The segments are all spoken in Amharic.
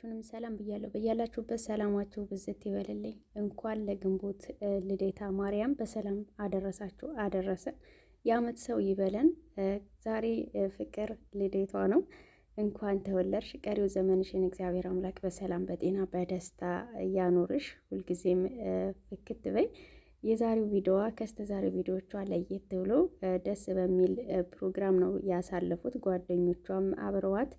ሁላችሁንም ሰላም ብያለሁ። በያላችሁበት ሰላማችሁ ብዝት ይበልልኝ። እንኳን ለግንቦት ልደታ ማርያም በሰላም አደረሳችሁ አደረሰ። የአመት ሰው ይበለን። ዛሬ ፍቅር ልደቷ ነው። እንኳን ተወለድሽ። ቀሪው ዘመንሽን እግዚአብሔር አምላክ በሰላም በጤና በደስታ እያኖርሽ ሁልጊዜም ፍክት በይ። የዛሬው ቪዲዮዋ ከስተ ዛሬው ቪዲዮቿ ለየት ብሎ ደስ በሚል ፕሮግራም ነው ያሳለፉት። ጓደኞቿም አብረዋት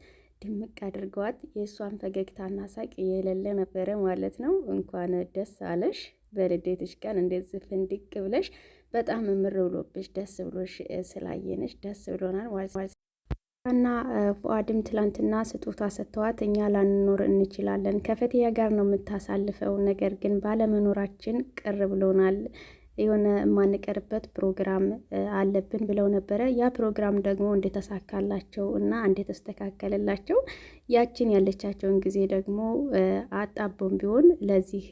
ድምቅ አድርገዋት የእሷን ፈገግታና ሳቅ የሌለ ነበረ ማለት ነው። እንኳን ደስ አለሽ በልደትሽ ቀን እንደዚህ ፍንድቅ ብለሽ በጣም ምር ብሎብሽ ደስ ብሎሽ ስላየንሽ ደስ ብሎናል ማለት ነው። እና ፉአድም ትላንትና ስጦታ ሰጥተዋት እኛ ላንኖር እንችላለን ከፈትያ ጋር ነው የምታሳልፈው፣ ነገር ግን ባለመኖራችን ቅር ብሎናል የሆነ የማንቀርበት ፕሮግራም አለብን ብለው ነበረ። ያ ፕሮግራም ደግሞ እንደተሳካላቸው እና እንደተስተካከለላቸው ያችን ያለቻቸውን ጊዜ ደግሞ አጣቦም ቢሆን ለዚህ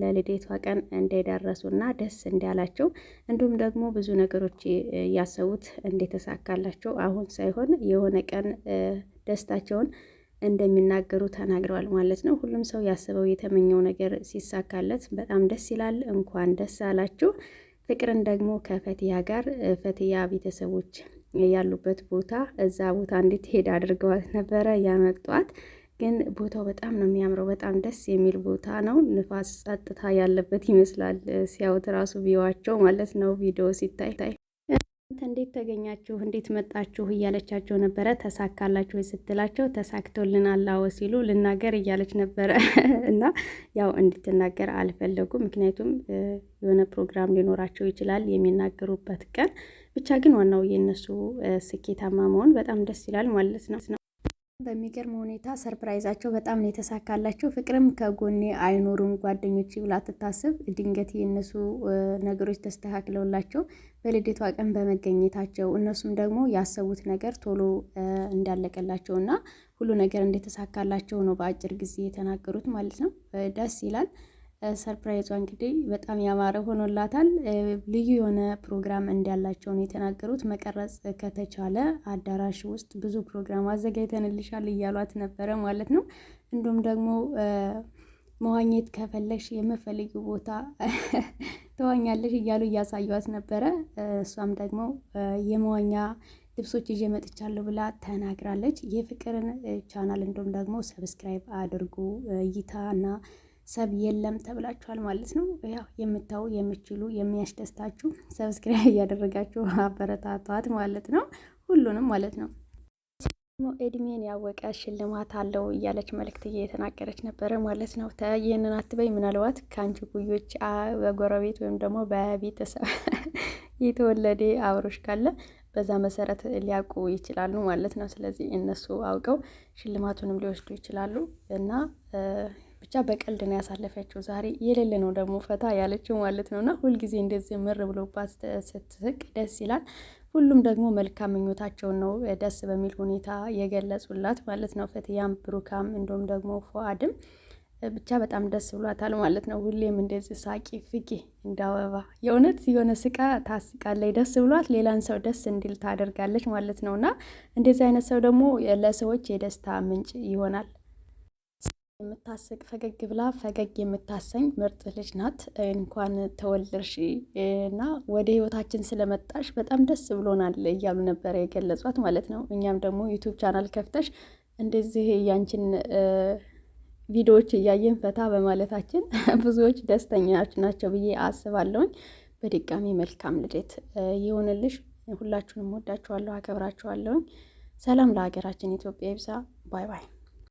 ለልደቷ ቀን እንደደረሱና ደስ እንዳላቸው እንዲሁም ደግሞ ብዙ ነገሮች ያሰቡት እንደተሳካላቸው አሁን ሳይሆን የሆነ ቀን ደስታቸውን እንደሚናገሩ ተናግረዋል ማለት ነው። ሁሉም ሰው ያስበው የተመኘው ነገር ሲሳካለት በጣም ደስ ይላል። እንኳን ደስ አላችሁ። ፍቅርን ደግሞ ከፈትያ ጋር ፈትያ ቤተሰቦች ያሉበት ቦታ እዛ ቦታ እንድትሄድ አድርገዋት ነበረ ያመጧት። ግን ቦታው በጣም ነው የሚያምረው። በጣም ደስ የሚል ቦታ ነው። ንፋስ ጸጥታ ያለበት ይመስላል ሲያዩት ራሱ ቢዋቸው ማለት ነው ቪዲዮ ሲታይ እንዴት ተገኛችሁ እንዴት መጣችሁ እያለቻቸው ነበረ። ተሳካላችሁ ስትላቸው ተሳክቶልናል አዎ ሲሉ ልናገር እያለች ነበረ እና ያው እንድትናገር አልፈለጉ። ምክንያቱም የሆነ ፕሮግራም ሊኖራቸው ይችላል የሚናገሩበት ቀን ብቻ። ግን ዋናው የእነሱ ስኬታማ መሆን በጣም ደስ ይላል ማለት ነው። በሚገርም ሁኔታ ሰርፕራይዛቸው በጣም ነው የተሳካላቸው። ፍቅርም ከጎኔ አይኖሩም ጓደኞች ብላ ትታስብ ድንገት የእነሱ ነገሮች ተስተካክለውላቸው በልደቷ ቀን በመገኘታቸው እነሱም ደግሞ ያሰቡት ነገር ቶሎ እንዳለቀላቸው እና ሁሉ ነገር እንደተሳካላቸው ነው በአጭር ጊዜ የተናገሩት ማለት ነው። ደስ ይላል። ሰርፕራይዟ እንግዲህ በጣም ያማረ ሆኖላታል። ልዩ የሆነ ፕሮግራም እንዳላቸው ነው የተናገሩት። መቀረጽ ከተቻለ አዳራሽ ውስጥ ብዙ ፕሮግራም አዘጋጅተንልሻል እያሏት ነበረ ማለት ነው። እንዲሁም ደግሞ መዋኘት ከፈለሽ የምፈልጊው ቦታ ተዋኛለሽ እያሉ እያሳዩት ነበረ። እሷም ደግሞ የመዋኛ ልብሶች ይዤ መጥቻለሁ ብላ ተናግራለች። የፍቅርን ቻናል እንዲሁም ደግሞ ሰብስክራይብ አድርጉ እይታና ሰብ የለም ተብላችኋል ማለት ነው። ያው የምታው የምችሉ የሚያስደስታችሁ ሰብስክራይብ እያደረጋችሁ አበረታቷት ማለት ነው። ሁሉንም ማለት ነው። እድሜን ያወቀ ሽልማት አለው እያለች መልእክት እየተናገረች ነበረ ማለት ነው። ይህንን አትበይ፣ ምናልባት ከአንቺ ጉዮች በጎረቤት ወይም ደግሞ በቤተሰብ የተወለደ አብሮሽ ካለ በዛ መሰረት ሊያውቁ ይችላሉ ማለት ነው። ስለዚህ እነሱ አውቀው ሽልማቱንም ሊወስዱ ይችላሉ እና ብቻ በቀልድ ነው ያሳለፈችው። ዛሬ የሌለ ነው ደግሞ ፈታ ያለችው ማለት ነውና ሁልጊዜ እንደዚህ ምር ብሎባት ስትስቅ ደስ ይላል። ሁሉም ደግሞ መልካም ምኞታቸውን ነው ደስ በሚል ሁኔታ የገለጹላት ማለት ነው። ፈትያም ብሩካም፣ እንዲሁም ደግሞ ፎአድም ብቻ በጣም ደስ ብሏታል ማለት ነው። ሁሌም እንደዚህ ሳቂ ፍቂ እንደ አበባ የእውነት የሆነ ስቃ ታስቃለች ደስ ብሏት ሌላን ሰው ደስ እንዲል ታደርጋለች ማለት ነው እና እንደዚህ አይነት ሰው ደግሞ ለሰዎች የደስታ ምንጭ ይሆናል። የምታስቅ ፈገግ ብላ ፈገግ የምታሰኝ ምርጥ ልጅ ናት። እንኳን ተወለድሽ እና ወደ ህይወታችን ስለመጣሽ በጣም ደስ ብሎናል እያሉ ነበረ የገለጿት ማለት ነው። እኛም ደግሞ ዩቱብ ቻናል ከፍተሽ እንደዚህ ያንቺን ቪዲዮዎች እያየን ፈታ በማለታችን ብዙዎች ደስተኛች ናቸው ብዬ አስባለሁኝ። በድጋሚ መልካም ልደት ይሁንልሽ። ሁላችሁንም ወዳችኋለሁ፣ አከብራችኋለሁኝ። ሰላም ለሀገራችን ኢትዮጵያ ይብዛ። ባይ ባይ።